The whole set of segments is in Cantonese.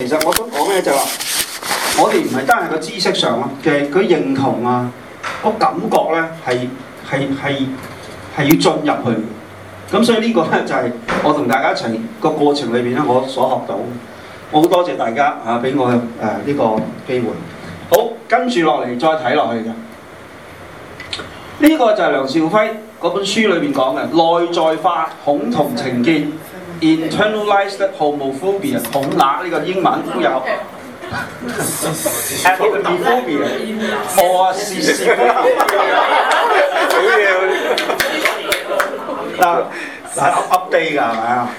其實我想講咩就係話，我哋唔係單係個知識上咯，其實佢認同啊，個感覺咧係係係係要進入去。咁所以呢個咧就係我同大家一齊個過程裏邊咧，我所學到。我好多謝大家吓俾我誒呢個機會。好，跟住落嚟再睇落去嘅，呢、這個就係梁兆輝嗰本書裏邊講嘅內在化恐同情結。Internalized homophobia 統拿呢個英文都有。homophobia for C C。好嘢，得，係 update 㗎，係咪啊？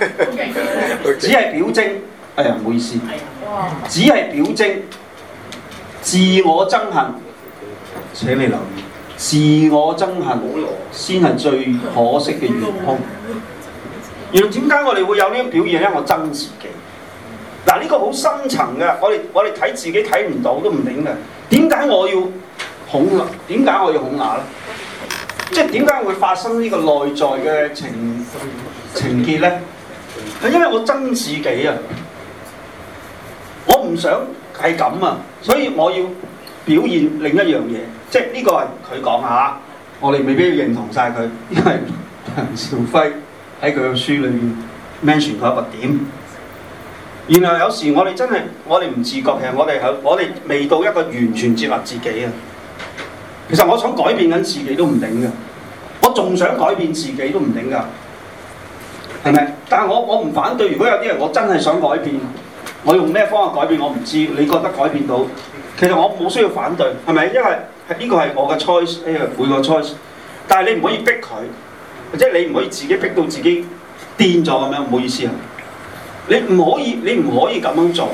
只係表徵，哎呀唔好意思，只係表徵，自我憎恨。請你留意，自我憎恨先係最可惜嘅元兇。原來點解我哋會有呢種表現咧？我憎自己。嗱，呢個好深層嘅，我哋我哋睇自己睇唔到都唔明嘅。點解我要恐？點解我要恐嚇咧？即係點解會發生呢個內在嘅情情結咧？係因為我憎自己啊！我唔想係咁啊，所以我要表現另一樣嘢。即係呢個係佢講下，嗯，我哋未必要認同晒佢，因為梁兆輝。.喺佢嘅書裏面 mention 佢一個點，然後有時我哋真係我哋唔自覺嘅，我哋係我哋未到一個完全接納自己啊。其實我想改變緊自己都唔頂㗎，我仲想改變自己都唔頂噶，係咪？但係我我唔反對，如果有啲人我真係想改變，我用咩方法改變我唔知，你覺得改變到？其實我冇需要反對，係咪？因為呢個係我嘅 choice，呢個每個 choice，但係你唔可以逼佢。即係你唔可以自己逼到自己癲咗咁樣，唔好意思啊！你唔可以，你唔可以咁樣做，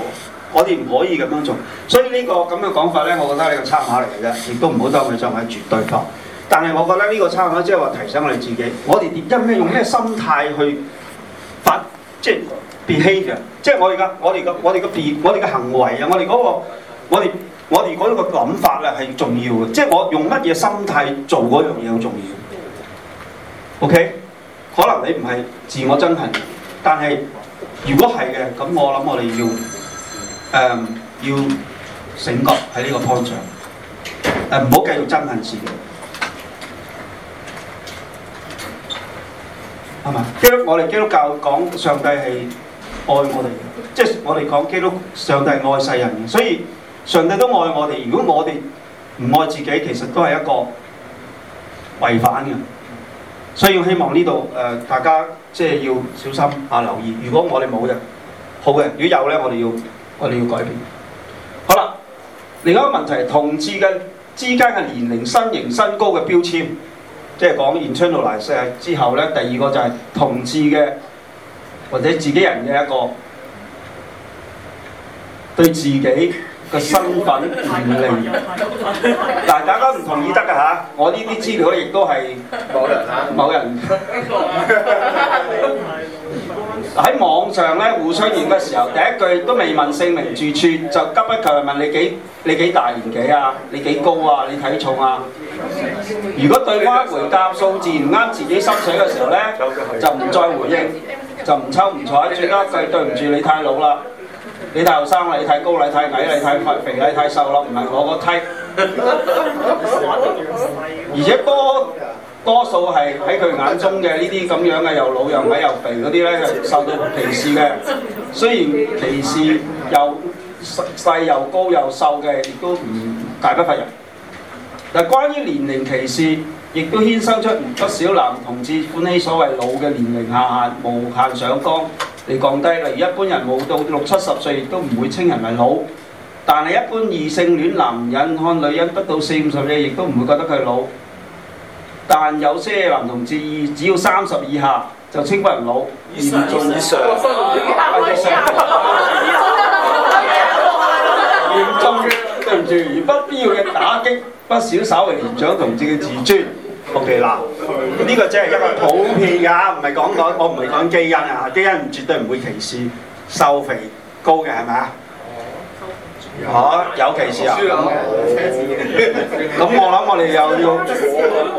我哋唔可以咁樣做。所以呢個咁嘅講法咧，我覺得你個參考嚟嘅，亦都唔好當佢作為絕對法。但係我覺得呢個參考即係話提醒我哋自己，我哋因咩用咩心態去發，即係 behave 嘅。即係我而家，我哋個我哋個 behave，我哋嘅行為啊，我哋嗰個，我哋我哋嗰個諗法啊，係重要嘅。即係我用乜嘢心態做嗰樣嘢好重要。O、okay? K，可能你唔係自我憎恨，但係如果係嘅，咁我諗我哋要，誒、呃，要醒覺喺呢個方向，誒、呃，唔好繼續憎恨自己，係咪？基督，我哋基督教講上帝係愛我哋，即、就、係、是、我哋講基督上帝係愛世人嘅，所以上帝都愛我哋。如果我哋唔愛自己，其實都係一個違反嘅。所以我希望呢度、呃、大家即係要小心啊留意。如果我哋冇嘅，好嘅；如果有呢，我哋要我哋要改變。好啦，另一個問題，同志嘅之間嘅年齡、身形、身高嘅標籤，即係講完穿到來社之後呢，第二個就係同志嘅或者自己人嘅一個對自己。個身份年齡，嗱，大家唔同意得㗎嚇。我呢啲資料亦都係某人某人喺 網上咧，互相認嘅時候，第一句都未問姓名住處，就急不及問你幾你幾大年紀啊？你幾高啊？你體重啊？如果對方回答數字唔啱自己心水嘅時候咧，就唔再回應，就唔抽唔睬。最多一句，對唔住，你太老啦。你太後生啦，你太高啦，你太矮啦，你太肥，你太瘦啦，唔係我個梯。而且多多數係喺佢眼中嘅呢啲咁樣嘅又老又矮又肥嗰啲咧，受到歧視嘅。雖然歧視又細又高又瘦嘅，亦都唔大不乏人。但關於年齡歧視，亦都衍生出唔少男同志歡喜所謂老嘅年齡下限無限上綱。你降低，例如一般人冇到六七十歲都唔會稱人為老，但係一般異性戀男人看女人不到四五十歲，亦都唔會覺得佢老。但有些男同志只要三十以下就稱人為老，嚴重嘅，嚴重對唔住，不必要嘅打擊不少，稍微年長同志嘅自尊。O.K. 嗱，呢個真係一個普遍㗎，唔係講我，我唔係講基因啊，基因絕對唔會歧視，瘦肥高嘅係咪啊？嚇有歧視 zuk media. 啊？咁我諗我哋又要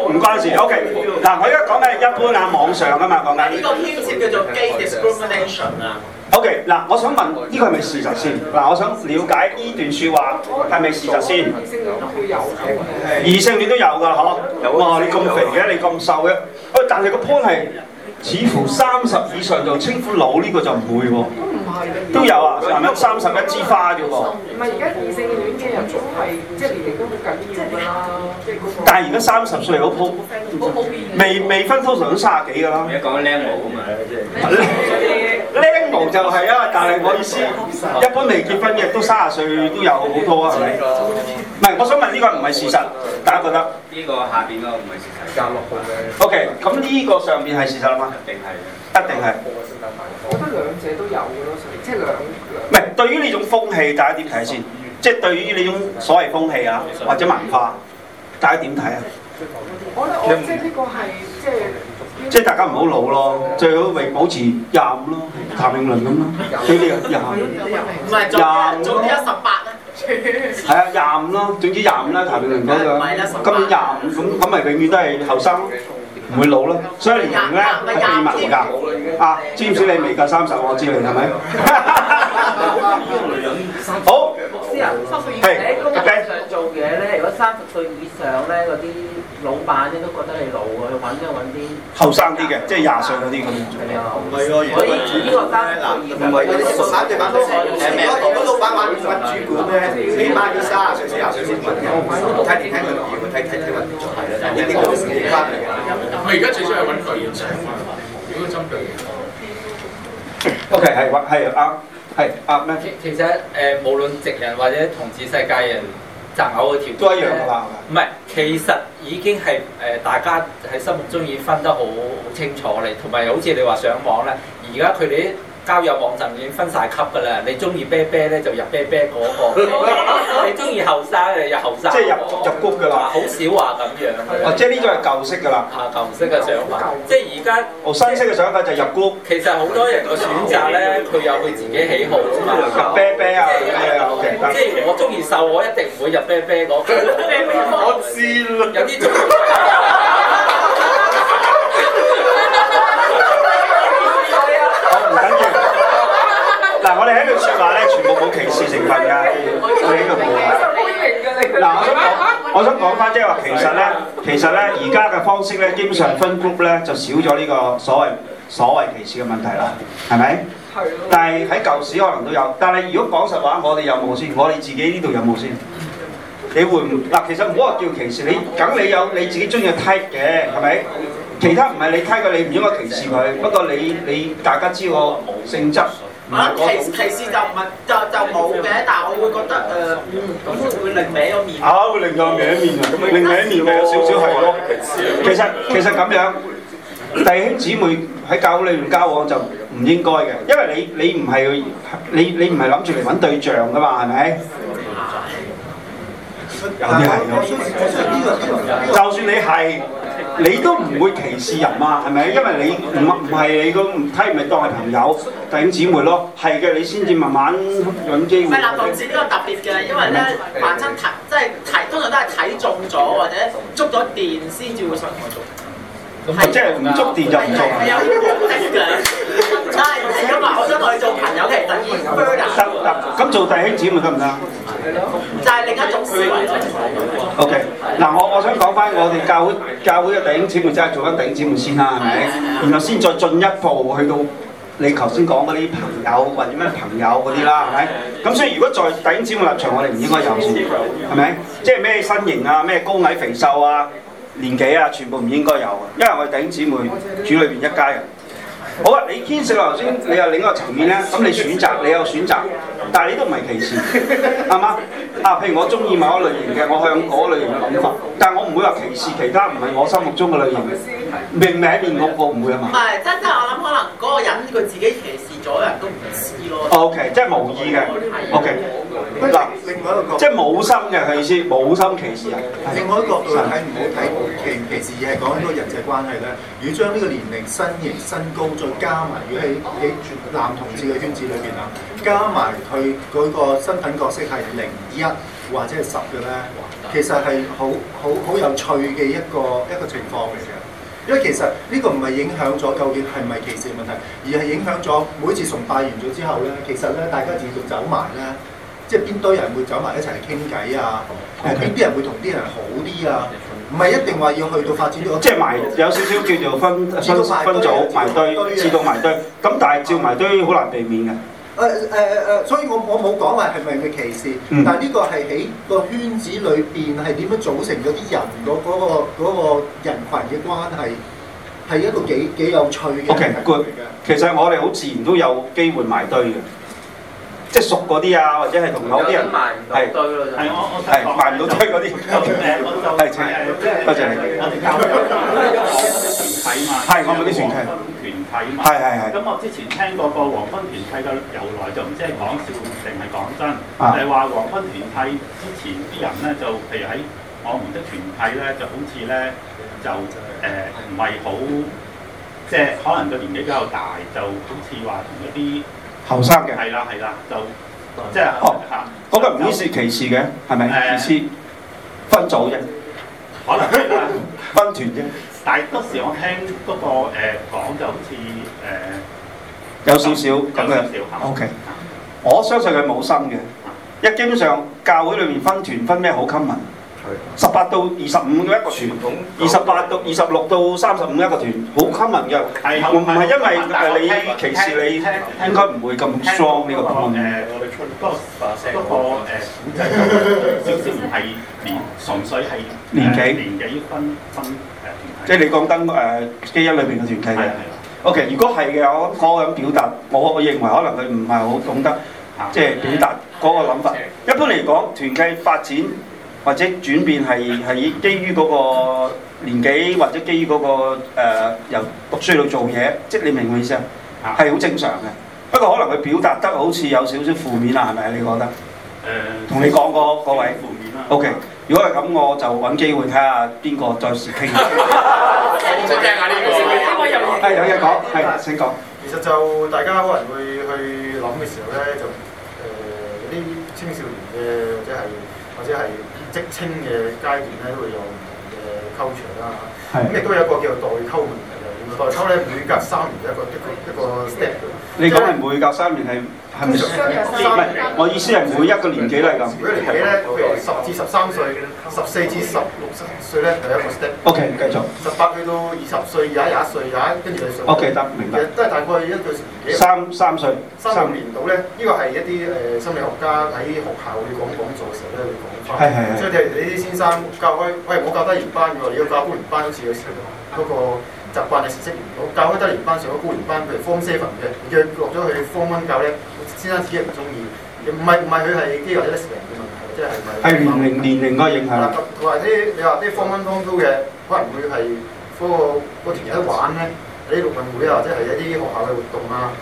唔關事。O.K. 嗱，我而家講嘅係一般啊，網上㗎嘛講緊。呢個牽涉叫做 gay discrimination 啊。OK 嗱，我想問呢個係咪事實先？嗱，我想了解呢段説話係咪事實先？異性戀都有嘅，係。異性戀都有㗎啦，有哇，你咁肥嘅，你咁瘦嘅。喂、哎，但係個 point 係，似乎三十以上就稱呼老呢、呢個就唔會喎。都唔係，都有啊，係咪？三十一枝花啫喎。唔係而家異性戀嘅人都係即係年齡都好緊要啦。就是那個、但係而家三十歲好普遍，未未婚通常都卅幾㗎啦。而家講緊靚模啊嘛，即、就、係、是。 靚模就係啊，但係我意思，一般未結婚嘅都三十歲都有好多啊，係咪？唔係，我想問呢個唔係事實，大家覺得呢個下邊嗰個唔係事實，教落去嘅。OK，咁呢個上邊係事實啊嘛？一定係？一定係。我覺得兩者都有嘅咯，即係兩。唔係，對於呢種風氣，大家點睇先？即係對於呢種所謂風氣啊，或者文化，大家點睇啊？我覺得我即係呢個係即係。即係大家唔好老咯，最好維保持廿五咯，譚詠麟咁咯，佢哋廿五，唔係一十八啊，係啊廿五咯，總之廿五啦，譚詠麟咁樣，今年廿五咁，咁咪永遠都係後生咯，唔會老咯，所以唔緊，係秘密嚟㗎，啊知唔知你未夠三十我知你係咪？好，牧師啊，係。嘢咧，如果三十歲以上咧，嗰啲老闆咧都覺得你老啊，去揾一揾啲後生啲嘅，即係廿歲嗰啲咁做。係啊，唔該咯，楊生。嗱，唔係嗰啲熟板地方都去，嗰個嗰老闆揾主管咧，起碼要三十歲四廿歲先揾嘅。睇點樣嘅業務？睇睇點樣做？係啊，呢啲都係年翻嚟而家最想係揾巨象，點去針對？OK，係，係啱，係啱咩？其其實誒，無論直人或者同志世界人。擇偶嘅條件都一樣㗎嘛，唔係。其實已經係誒、呃，大家喺心目中已經分得好好清楚，好，你同埋好似你話上網咧，而家佢哋。交友網站已經分晒級㗎啦，你中意啤啤咧就入啤啤嗰個，你中意後生就入後生，即係入入谷㗎啦，好少話咁樣。哦，即係呢種係舊式㗎啦。嚇，舊式嘅想法。即係而家。哦，新式嘅想法就入谷。其實好多人嘅選擇咧，佢有佢自己喜好㗎嘛。啤啤啊，即係我中意瘦，我一定唔會入啤啤嗰個。我知啦。有啲我哋喺度説話咧，全部冇歧視成分㗎，我哋呢個説話。嗱，我想講，我想講返，即係話其實咧，其實咧，而家嘅方式咧，基本上分 group 咧，就少咗呢個所謂所謂歧視嘅問題啦，係咪？ 但係喺舊時可能都有，但係如果講實話，我哋有冇先？我哋自己呢度有冇先？你會唔嗱？其實唔好話叫歧視，你梗你有你自己鍾意嘅 type 嘅，係咪？其他唔係你 type 嘅，你唔應該歧視佢。不過你你大家知我性質。啊，歧歧視就唔係就就冇嘅，但係我會覺得誒，會令歪個面。啊，會令個歪面啊，令歪面有少少係咯。其實其實咁樣， 弟兄姊妹喺教會裡面交往就唔應該嘅，因為你你唔係你你唔係諗住嚟揾對象㗎嘛，係咪？有啲係，就算你係。你都唔會歧視人嘛，係咪？因為你唔唔係你個睇唔咪當係朋友弟兄姊妹咯，係嘅，你先至慢慢揾機會。同志呢個特別嘅，因為咧還真睇即係睇通常都係睇中咗或者捉咗電先至會想同我做。即係唔捉電就唔做。係啊，係啊。係啊，咁啊，我想同你做朋友，其實等於 friend 得得，咁做弟兄姊妹得唔得？就係另一種思維。OK，嗱，我我想講翻我哋教會教會嘅弟兄姊妹真係做緊弟兄姊妹先啦，係咪？然後先再進一步去到你頭先講嗰啲朋友或者咩朋友嗰啲啦，係咪？咁所以如果在弟兄姊妹立場，我哋唔應該有，先，係咪？即係咩身形啊，咩高矮肥瘦啊，年紀啊，全部唔應該有，啊，因為我哋弟兄姊妹主裏邊一家人。好啊！你牽涉頭先，你又另一個層面咧。咁你選擇，你有選擇，但係你都唔係歧視，係嘛？啊，譬如我中意某一類型嘅，我向嗰類型去諗啫嘛。但係我唔會話歧視其他，唔係我心目中嘅類型。明明名面我我唔會，係嘛？唔係，真真我諗可能嗰個人佢自己歧視。咗人都唔知咯。 哦、o、okay, K，即係無意嘅。O K，嗱，另外一個角度，即係冇心嘅，係意思冇心歧視人。另外一個角度係唔好睇歧歧視，而係講緊個人際關係咧。如果將呢個年齡、身形、身高再加埋，如果喺喺男同志嘅圈子裏邊啊，加埋佢嗰個身份角色係零一或者係十嘅咧，其實係好好好有趣嘅一個一個情況嚟嘅。因為其實呢個唔係影響咗究竟係咪歧視問題，而係影響咗每次崇拜完咗之後咧，其實咧大家自動走埋咧，即係邊堆人會走埋一齊傾偈啊？誒邊啲人會同啲人好啲啊？唔係一定話要去到發展咗，即係埋有少少叫做分分分組埋堆，自動埋堆。咁但係照埋堆好難避免嘅。誒誒誒，所以我我冇講話係咪嘅歧視，但係呢個係喺個圈子裏邊係點樣組成嗰啲人嗰嗰個人群嘅關係，係一個幾幾有趣嘅。OK good 嘅。其實我哋好自然都有機會埋堆嘅，即係熟嗰啲啊，或者係同某啲人埋唔到堆咯，係埋唔到堆嗰啲。係多謝你哋。係嘛？係我哋啲團體。係係係。咁我，我之前聽過個黃昏團體嘅由來，就唔知係講笑定係講真？係話黃昏團體之前啲人咧，就譬如喺我唔識團體咧，就好似咧就誒唔係好即係可能個年紀比較大，就好似話同一啲後生嘅。係啦係啦，就即係嚇。嗰個唔啲是歧視嘅，係咪歧視分組啫？可能分團啫。 的 但係嗰時我聽嗰個誒講就好似誒有少少咁樣 O K，我相信佢冇心嘅，一基本上教會裏面分團分咩好 common，十八到二十五一個傳統，二十八到二十六到三十五一個團，好 common 嘅。係唔係因為你歧視你，應該唔會咁 strong 呢個 point。誒，我哋出多個誒，少少唔係年純粹係年紀年紀分分誒。即係你講緊誒基恩裏邊嘅團契嘅，OK。如果係嘅，我嗰個咁表達，我我認為可能佢唔係好懂得，即係的表達嗰個諗法。一般嚟講，團契發展或者轉變係係基於嗰個年紀，或者基於嗰、那個、呃、由讀書到做嘢，即、就、係、是、你明我意思啊？係好的正常嘅，不過可能佢表達得好似有少少負面啦，係咪你覺得？誒、呃，同你講過各位，OK。如果係咁，我就揾機會睇下邊個再試傾。想聽下呢個，呢個有嘢講，係請講。其實就大家可能會去諗嘅時候咧，就誒啲、呃、青少年嘅或者係或者係職青嘅階段咧，都會有唔同嘅溝長啦。咁亦的都有一個叫做代溝問內抽咧每隔三年一個一個一個 step。你講係每隔三年係係咪？唔係，我意思係每一個年紀都係咁。每一年紀咧，譬如十至十三歲、十四至十六歲咧，就、這個、一個 step。O K，繼續。十八去到二十歲、廿一歲、廿一，跟住你上。O K，得明白。其實都係大概一個年紀。三三歲，三年到咧，呢個係一啲誒心理學家喺學校去講,三講講座時候咧，去講。係係。所以你你啲先生教開，喂，我教低年班㗎喎，你要教高年班先至要上習慣你實識唔到，教開低年班上開高年班，譬如方 seven 嘅，佢落咗去方温教咧，先生自己唔中意，唔係唔係佢係 gay 或者 lesbian 嘅問題，是即係唔係。係是、嗯、年齡年齡嘅影響。嗱，佢話啲你話啲方温方蘇嘅，可能會係嗰個嗰團友玩咧，喺啲運動會啊，或者係一啲學校嘅活動啊，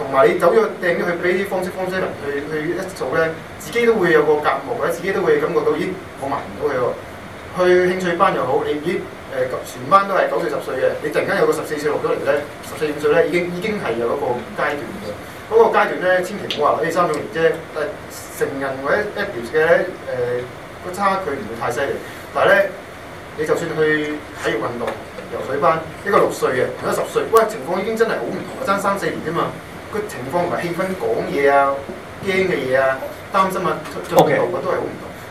同埋你走咗掟咗去俾方式方 seven 去去一組咧，自己都會有個隔膜，或者自己都會感覺到咦，我埋唔到佢喎。去興趣班又好，你咦誒，全、呃、班都係九四十歲嘅，你突然間有個十四、四六咗嚟咧，十四、五歲咧，已經已經係有嗰個階段嘅。嗰、嗰個階段咧，千祈唔好話呢三種年啫。但成人或者一年嘅誒個差距唔會太犀利。但係咧，你就算去體育運動、游水班，一個六歲嘅同一個十歲，喂、呃，情況已經真係好唔同。爭三四年啫嘛，個情況同埋氣氛、講嘢啊、驚嘅嘢啊、擔心啊、做運動啊，都係好唔同。Okay.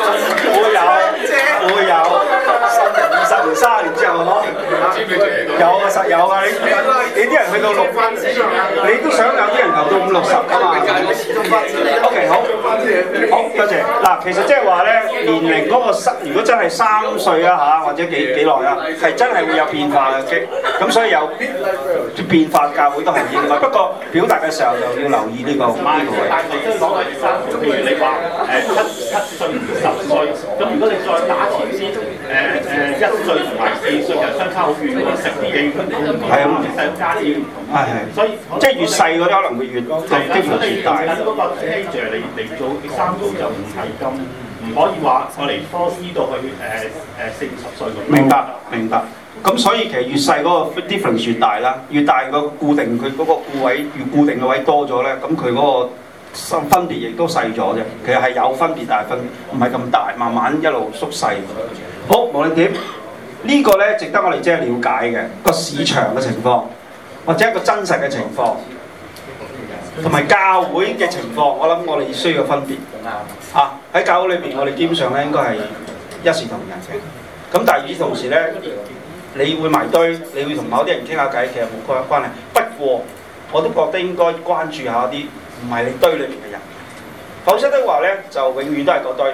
我有，我有，十年、二十年、三十年之後，係嘛？有啊，實有啊！你啲人去到六番，你都想有啲人留到五六十㗎嘛？O K，好，好，多謝。嗱，其實即係話咧，年齡嗰個如果真係三歲啊嚇，或者幾幾耐啊，係真係會有變化嘅。咁所以有變化，教會都係應該。不過表達嘅時候就要留意呢個咁，如果你再打前先，誒誒一歲同埋四歲就相差好遠，你食啲嘢，咁啲細蚊加啲，係係，所以即係越細嗰啲可能會越就基本上大嗰個 stage 嚟嚟做三高就唔係咁，唔、嗯嗯嗯、可以話、嗯、我嚟科斯度去誒誒四五十歲咁。明白明白，咁所以其實越細嗰個 difference 越大啦，越大個固定佢嗰個固位越固定嘅位多咗咧，咁佢嗰個。分分別亦都細咗啫，其實係有分別，但係分別唔係咁大，慢慢一路縮細。好，無論點呢、呢個呢值得我哋即係了解嘅個市場嘅情況，或者一個真實嘅情況，同埋教會嘅情況。我諗我哋需要分別嚇喺、啊、教會裏邊，我哋基本上咧應該係一視同仁嘅。咁但係與同時呢，你會埋堆，你會同某啲人傾下偈，其實冇關關係。不過我都覺得應該關注一下啲。唔係你堆裏面嘅人，否則的話咧就永遠都係嗰堆，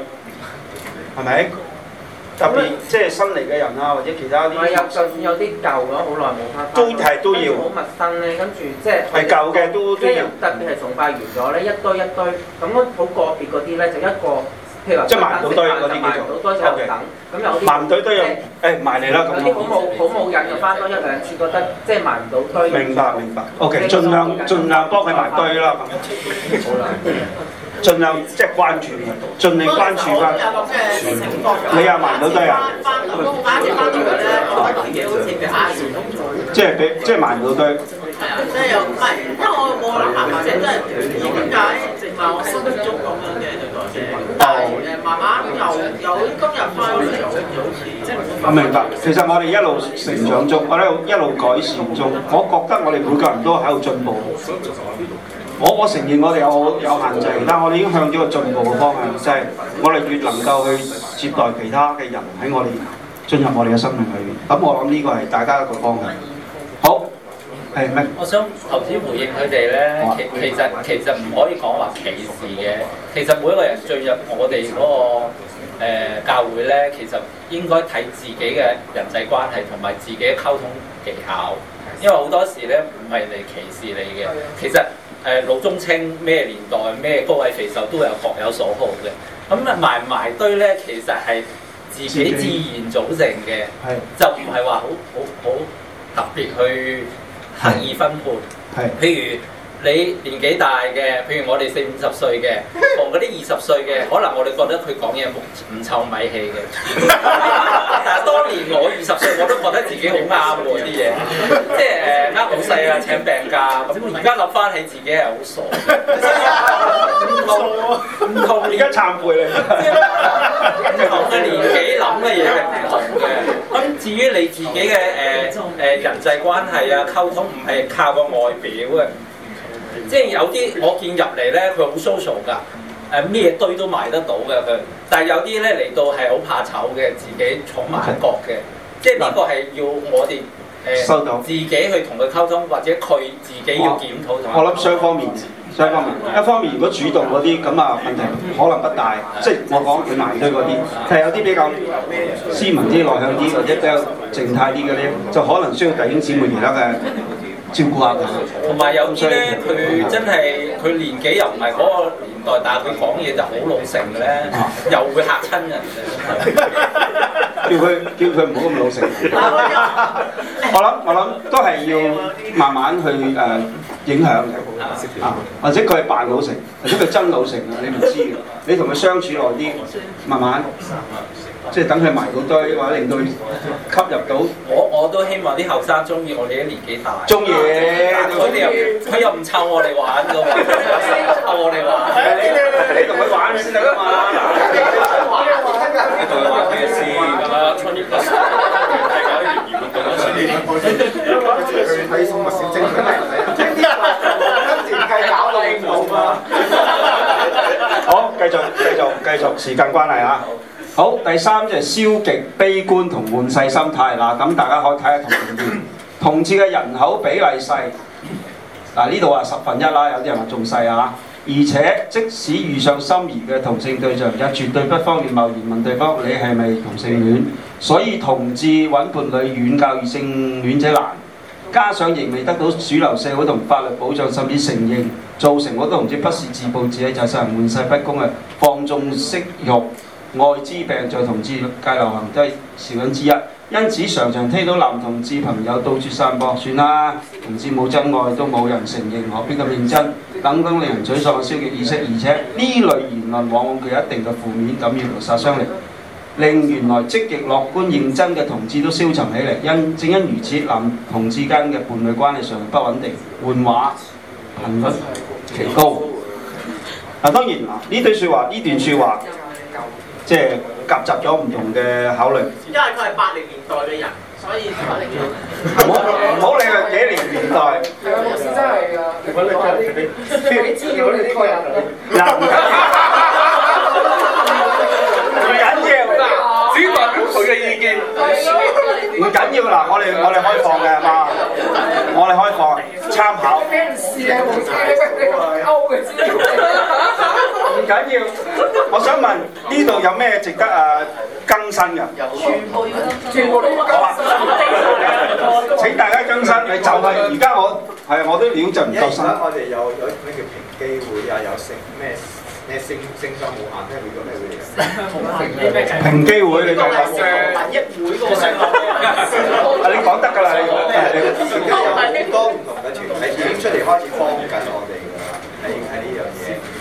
係咪？嗯、特別即係、就是、新嚟嘅人啊，或者其他啲。唔係就算有啲舊咗好耐冇返都嚟是，都要，好陌生咧，是跟住即係係舊嘅著都都要。特別係崇拜完咗咧，一堆一堆，咁樣好個別嗰啲咧就一個。即係埋唔到堆嗰啲叫做，埋唔到堆就等，埋有啦，咁啲好冇好冇癮嘅翻多一兩次，覺得即係埋唔到堆。明白明白，OK，盡量盡量幫佢埋堆啦，咁樣，盡量即係關注嘅，盡量關注翻。你又埋唔到堆啊？翻嚟都冇啱先翻到嚟咧，好多嘢都直接壓住咁在。即係即係埋唔到堆。係啊，即係又唔係，因為我冇諗埋埋，即係點解直埋我心中咁樣？慢慢由由今日開始，好好我明白。其實我哋一路成長中，我哋一路改善中。我覺得我哋每個人都喺度進步。我我承認我哋有有限制，但係我哋已經向咗個進步嘅方向，即係我哋越能夠去接待其他嘅人喺我哋進入我哋嘅生命裏面。咁我諗呢個係大家一個方向。好。我想頭先回應佢哋咧，其實其實其實唔可以講話歧視嘅。其實每一個人進入我哋嗰個、呃、教會咧，其實應該睇自己嘅人際關係同埋自己嘅溝通技巧。因為好多時咧唔係嚟歧視你嘅。其實誒、呃、老中青咩年代咩高矮肥瘦都有各有所好嘅。咁、嗯、啊埋埋堆咧，其實係自己自然組成嘅，係就唔係話好好好特別去。刻意分配，係，譬如。你年紀大嘅，譬如我哋四五十歲嘅，同嗰啲二十歲嘅，可能我哋覺得佢講嘢唔臭米氣嘅、 啊。但係當年我二十歲，我都覺得自己、 呃、好啱喎啲嘢，即係誒呃老細啊，請病假啊。咁而家諗翻起自己係好傻，唔錯啊，唔同而家參陪嚟嘅。同嘅年紀諗嘅嘢係唔同嘅。至於你自己嘅誒誒人際關係啊、溝通，唔係靠個外表嘅。即係有啲我見入嚟咧，佢好 social 噶，誒、啊、咩堆都埋得到噶佢。但係有啲咧嚟到係好怕醜嘅，自己坐埋一角嘅。嗯、即係呢個係要我哋誒、呃、到自己去同佢溝通，或者佢自己要檢討。我我諗雙，雙方面，雙方面。一方面如果主動嗰啲咁啊問題可能不大，嗯、即係是我講佢埋堆嗰啲係有啲比較斯文啲、內向啲，或者比較靜態啲嘅咧，嗯、就可能需要弟兄姊妹而家嘅。 照顧下佢，同埋有啲咧，佢真係佢年紀又唔係嗰個年代，但係佢講嘢就好老成嘅咧，又會嚇親人 叫。叫佢叫佢唔好咁老成。 我諗我諗都係要慢慢去誒、呃、影響嘅、啊，或者佢係扮老成，或者佢真老成啊！你唔知嘅，你同佢相處耐啲，慢慢。即係等佢埋到堆，或者令到吸入到。我我都希望啲後生鍾意，我哋啲年紀大。鍾意，佢又佢又唔湊我哋玩㗎嘛，湊我哋玩，你同佢玩先得㗎嘛。你同佢玩咩先？春節過節，睇《寵物小精靈》啊！跟住唔係搞到興到嗎？好，繼續繼續繼續，時間關係啊！好，第三就係消極、悲觀同換世心態嗱，咁大家可以睇下同性戀， 同志嘅人口比例細。嗱，呢度啊，十分一啦，有啲人話仲細啊，而且即使遇上心儀嘅同性對象，又絕對不方便貿然問對方你係咪同性戀，所以同志揾伴侶遠較異性戀者難，加上仍未得到主流社會同法律保障甚至承認，造成好多同志不是自暴自棄，就係換世不公嘅放縱色慾。愛滋病在同志界流行都係，分之一，因此常常聽到男同志朋友到處散播，算啦，同志冇真愛都冇人承認，何必咁認真等等令人沮喪嘅消極意識，而且呢類言論往往具有一定嘅負面感染力、殺傷力，令原來積極樂觀認真嘅同志都消沉起嚟。因正因如此，男同志間嘅伴侶關係上不穩定，換話頻率奇高。啊，當然啊，呢對説話，呢段説話。即係夾雜咗唔同嘅考慮，因為佢係八零年代嘅人，所以八零年代唔好唔好理佢幾零年代， 老真係噶，唔好理佢，嗱、 嗯，唔緊 要，唔緊要啦，只代表佢嘅意見，唔緊要嗱，我哋我哋開放嘅係嘛？我哋開放參考， 唔緊要， 我想問呢度有咩值得啊更新嘅？全部要更新，好啊！請大家更新。你走啦！而家我係啊、嗯，我都了就唔更新。因為我哋有有咩叫平機會啊？有成咩咩升升級冇限咩呢個咩嘅嘢？冇限咩？平機會你就係平一會嘅㗎嘛？你講得㗎啦，你講。有好多唔同嘅團體已經出嚟開始幫緊我哋。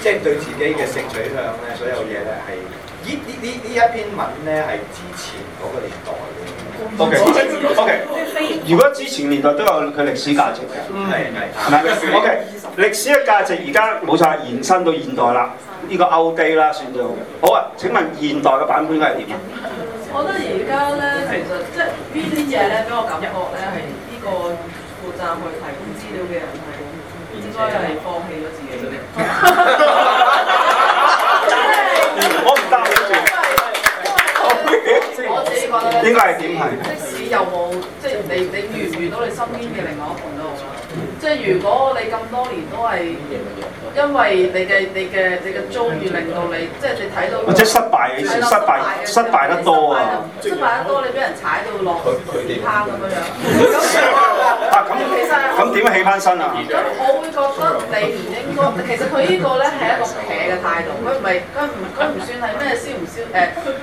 即係對自己嘅性取向咧，所有嘢咧係，呢呢呢呢一篇文咧係之前嗰個年代嘅。OK OK，如果之前年代都有佢歷史價值嘅，係係、嗯。嗱 OK，歷史嘅價值而家冇錯延伸到現代啦，呢、這個歐基啦算到好啊，請問現代嘅版本應該係點啊？我覺得而家咧其實即係呢啲嘢咧，俾我感覺咧係呢個負責去提供資料嘅人係。所以係放棄咗自己。啲。為 我唔得，自己覺得。應該係點係？即使有冇，即係你你遇唔遇到你身邊嘅另外一半都好。即係如果你咁多年都係因為你嘅你嘅你嘅遭遇令到你，即係你睇到，即係失敗嘅事，失敗失敗，失敗得多啊！失敗得多，你俾人踩到落，趴咁樣。啊咁，咁點樣起翻身啊？咁、啊、我會覺得你唔應該。其實佢呢個咧係一個邪嘅態度，佢唔係佢唔佢唔算係咩消唔消誒？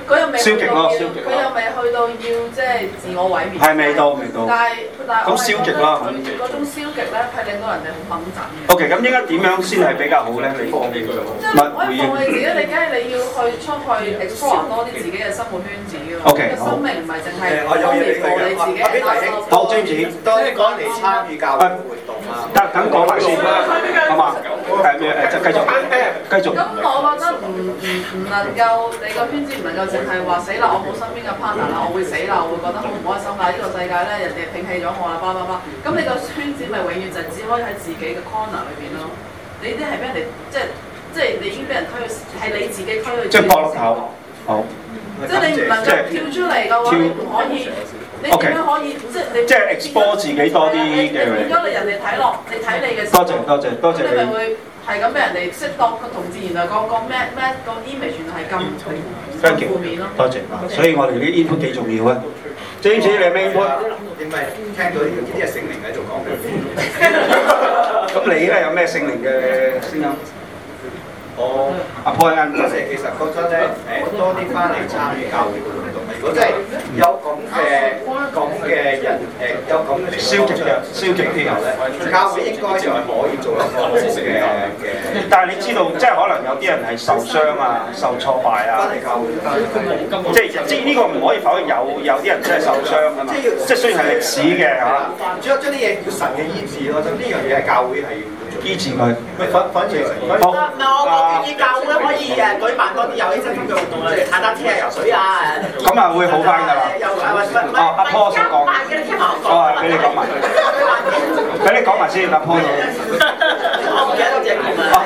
佢、哎、又未佢又未去到要即係自我毀滅。係未到，未到。但係，但係我係覺得佢嗰種消極咧。係令到人哋好掙扎嘅。O K，咁應該點樣先係比較好咧？你放棄佢唔好要。即係我唔同你自己，嗯、你梗係你要去出去擴闊多啲自己嘅生活圈子嘅。O K，生命唔係淨係方便我哋自己啦。我專注多啲講你參與教會會會。活動、啊。得，等講埋先，好嘛？誒咩誒？嗯、就繼續，繼續，咁我覺得唔唔唔能夠，你個圈子唔能夠淨係話死啦，我冇身邊嘅 partner 啦，我會死啦，我會覺得好唔開心㗎。呢個世界咧，人哋摒棄咗我啊，乜乜乜。咁你個圈子咪永遠就只可以喺自己嘅 corner 裏邊咯。你啲係俾人哋，即係即係你已經俾人推去係你自己區。即係角落頭，好、哦。即係你唔能夠跳出嚟嘅話，唔、就是、可以。跳你點樣可以即係 export 自己多啲嘅？你變咗你人哋睇落，你睇你嘅時，多謝多謝多謝你。你會係咁俾人哋適當同自然啊，個個咩咩個 image 全係咁正面咯。多謝，所以我哋啲 input 幾重要啊！正始你 email，你咪聽到啲啲啲聖靈喺度講嘅。咁你咧有咩聖靈嘅聲音？我阿伯啊，唔該曬。其實覺得咧，我多啲翻嚟參與教會。我即係有咁嘅咁嘅人，誒有咁消極嘅消極之後咧，教會應該就係可以做一個好嘅嘅。但係你知道，即係可能有啲人係受傷啊、受挫敗啊，即係即呢個唔可以否認，有有啲人真係受傷㗎嘛。即係雖然係歷史嘅嚇，主要將啲嘢叫神嘅醫治咯，咁呢樣嘢係教會係。支持佢，喂反反正，好，唔係我講建議教會可以誒舉辦多啲有益身心嘅活動啦，例如踩單車啊、游水啊。咁啊會好返㗎嘛？哦，阿坡先講，哦，俾你講埋，俾你講埋先，阿坡，我唔記得。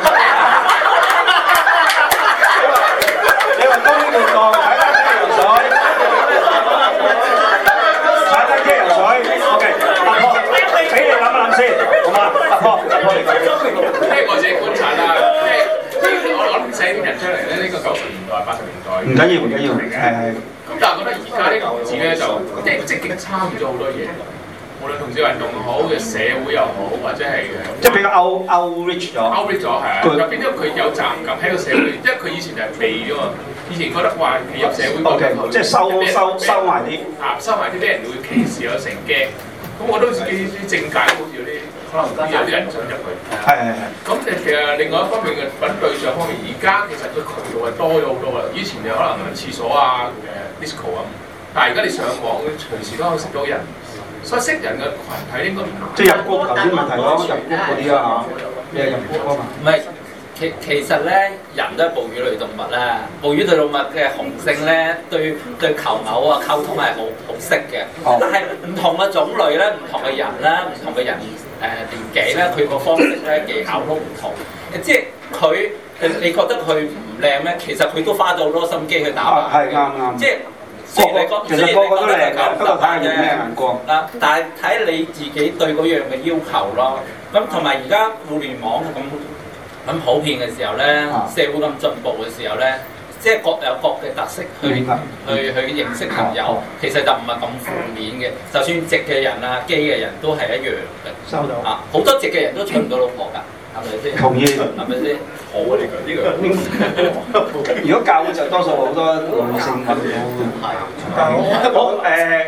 九十年代、八十年代，唔緊要，唔緊要，係係。咁但係覺得而家啲投子咧就即係積極參與咗好多嘢，無論同志運動又好嘅社會又好，或者係即係比較 outreach 咗，outreach 咗係入邊都佢有責任喺個社會，因為佢以前就係未啫嘛，以前覺得話入社會，OK，即係收收收埋啲，啊收埋啲俾人會歧視我成驚，咁我都見啲政界好似有啲。可能都有啲人想入去，係係係。咁誒，其實另外一方面嘅品類上方面，而家其實個渠道係多咗好多啦。以前就可能廁所啊、誒 disco 啊，isco，但係而家你上網，隨時都可以識到人。所以識人嘅群體應該唔難。即係入羣先問題咯，入羣嗰啲啊，咩入羣啊嘛？唔係，其其實咧，人都係哺乳類動物咧、啊。哺乳類動物嘅雄性咧，對對求偶啊、溝通係好好識嘅。哦、但係唔同嘅種類咧，唔同嘅人咧，唔同嘅人。誒年紀咧，佢個方式咧、技巧都唔同，即係佢誒，你覺得佢唔靚咧？其實佢都花咗好多心機去打扮，係啱啱。嗯、即係所以你覺得、嗯、其實個個都靚噶，都睇、啊、人咩眼光。啊！但係睇你自己對嗰樣嘅要求咯。咁同埋而家互聯網咁咁普遍嘅時候咧，啊、社會咁進步嘅時候咧。即係各有各嘅特色去，嗯、去去去認識朋友，嗯、其實就唔係咁負面嘅。就算直嘅人啊，基嘅人都係一樣嘅。收到啊，好多直嘅人都娶唔到老婆㗎，係咪先？是是同意係咪先？好啊，你講呢個，呢個、 如果教會就多數好多同性婚姻。但係我我誒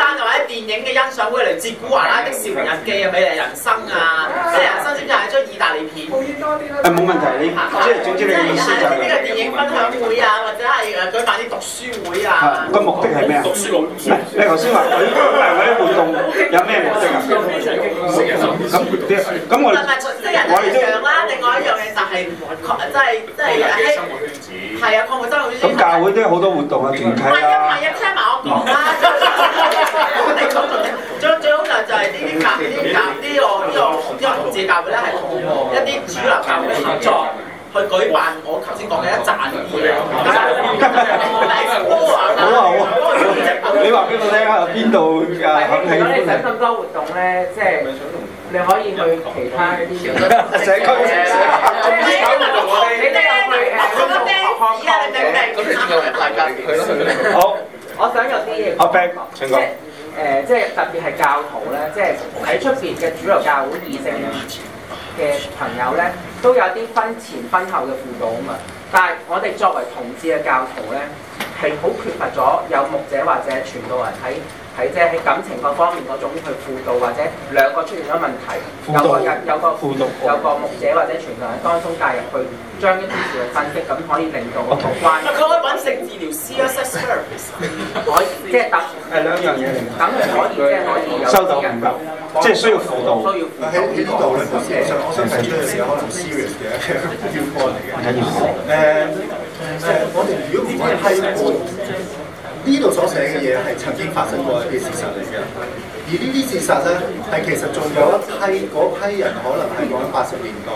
電影嘅欣賞會嚟，自古華拉的士日記啊，美麗人生啊，美麗人生先就係張意大利片。冇問題，你總之總之你意思就係呢個電影分享會啊，或者係誒舉辦啲讀書會啊。個目的係咩啊？讀書老唔係你頭先話舉，唔係嗰啲活動有咩目的啊？咁咁我。無論係從思想啦，另外一樣嘢就係擴，即係即係喺係啊擴展生活圈子。咁教會都有好多活動啊，團契啊。萬一萬一埋我件啦。咁仲最最好就就係呢啲教啲教啲我呢個呢個同志教會咧，係同一啲主流教會合作去舉辦我頭先講嘅一紮嘢。好啊好啊，你話邊度聽啊？邊度啊？如果你想咁多活動咧，即係你可以去其他一啲社區啦。你想同我哋？你想去誒學校？咁先有人嚟㗎。去啦去啦。好。我想有啲嘢。阿 Ben，請講。誒，即係特別係教徒咧，即係喺出邊嘅主流教會異性嘅朋友咧，都有啲婚前婚後嘅輔導啊嘛。但係我哋作為同志嘅教徒咧，係好缺乏咗有牧者或者傳道人喺喺即係喺感情各方面嗰種去輔導，或者兩個出現咗問題，有個有個有個牧者或者傳道人當中介入去，將一啲嘅信息咁可以令到個關。佢可以揾性治療 CSS 即係達，誒兩樣嘢嚟，等可以即係可以有嘅，即係需要輔導。需要輔導喺呢度咧，甚我甚提出嚟嘅可能 serious 嘅，要課嚟嘅。唔緊要，誒、呃、誒，我、呃、哋、呃、如果講批判，呢度所寫嘅嘢係曾經發生過一啲事實嚟嘅，而呢啲事實咧，係其實仲有一批嗰批人，可能係講八十年代。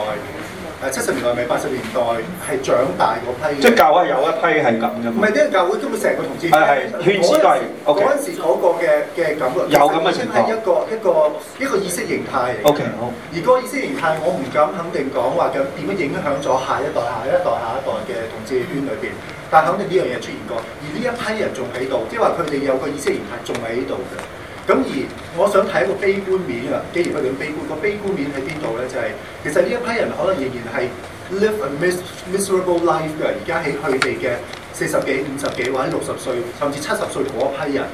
七十年代尾八十年代係長大嗰批，即係教會有一批係咁嘅。唔係，啲教會根本成個同志圈，圈子都係。嗰陣時嗰 okay，個嘅嘅感覺，有咁嘅感覺。有咁嘅一個一個一個，一個意識形態嚟嘅。OK，好。而個意識形態，我唔敢肯定講話嘅點樣影響咗下一代、下一代、下一代嘅同志圈裏邊。但係肯定呢樣嘢出現過，而呢一批人仲喺度，即係話佢哋有個意識形態仲喺度嘅。咁而我想睇一個悲觀面啊，既然佢哋悲觀，個悲觀面喺邊度咧？就係、是、其實呢一批人可能仍然係 live a miserable life 㗎，而家喺佢哋嘅四十幾、五十幾或者六十歲甚至七十歲嗰一批人，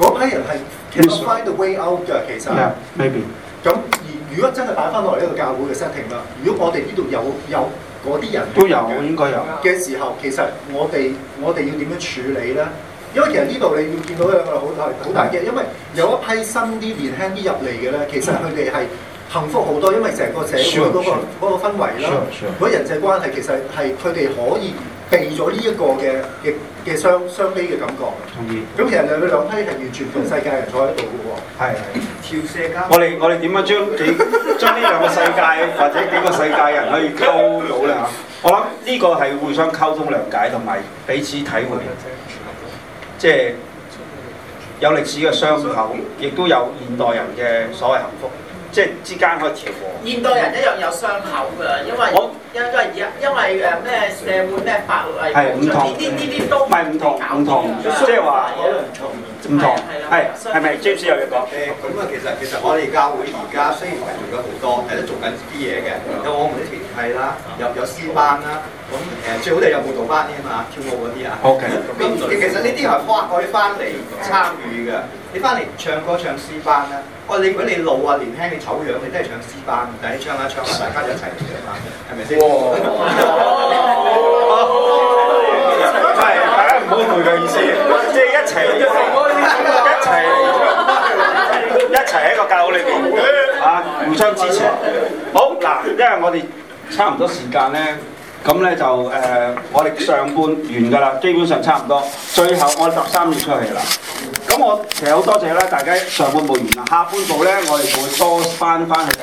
嗰批人係其實 can't find a way out 㗎。其實未必。咁而 Yeah, maybe.、嗯、如果真係擺翻落嚟一個教會嘅 setting 啦，如果我哋呢度有有啲人都有，應該有嘅時候，其實我哋我哋要點樣處理咧？因為其實呢度你會見到兩個好好大嘅，因為有一批新啲年輕啲入嚟嘅咧，其實佢哋係幸福好多，因為成個社會嗰、嗰個嗰個氛圍啦，嗰個人際關係其實係佢哋可以避咗呢一個嘅嘅嘅雙雙飛嘅感覺。同意、嗯。咁、嗯嗯、其實兩佢批係完全同世界人坐喺度嘅喎。係係。社家 英 Luft MIT ン。我哋我哋點樣將幾將呢兩個世界 或者幾個世界人可以溝到咧嚇？我諗呢個係互相溝通、諒解同埋彼此體會。即係有歷史嘅傷口，亦都有現代人嘅所謂幸福，即係之間可以調和。現代人一樣有傷口㗎，因為我因為因為誒咩、呃、社會咩法律係唔同，呢啲呢啲都唔係唔同唔同，即係話。吧唔同，係係咪 Joseph 又要講？咁啊、欸，其實其實我哋教會而家雖然停咗好多，係都做緊啲嘢嘅。有我們啲團，係啦，有有詩班啦。咁誒的、嗯、最好就有舞蹈班啲啊嘛，跳舞嗰啲啊。OK、嗯。咁其實呢啲係可可以翻嚟參與嘅。你翻嚟唱歌唱詩班啊？喂，如果你老啊年輕，你醜樣，你都係唱詩班。但你唱下唱下，大家一齊嚟啊嘛，係咪先？哇！係啊，大家唔好意思。即係一齊，一齊，一齊喺個教會裏邊啊，互相支持。好嗱，因為我哋差唔多時間咧，咁咧就誒、呃，我哋上半完㗎啦，基本上差唔多。最後我哋十三月出去啦。咁我其實好多謝啦，大家上半部完啦，下半部咧我哋就會多翻翻去。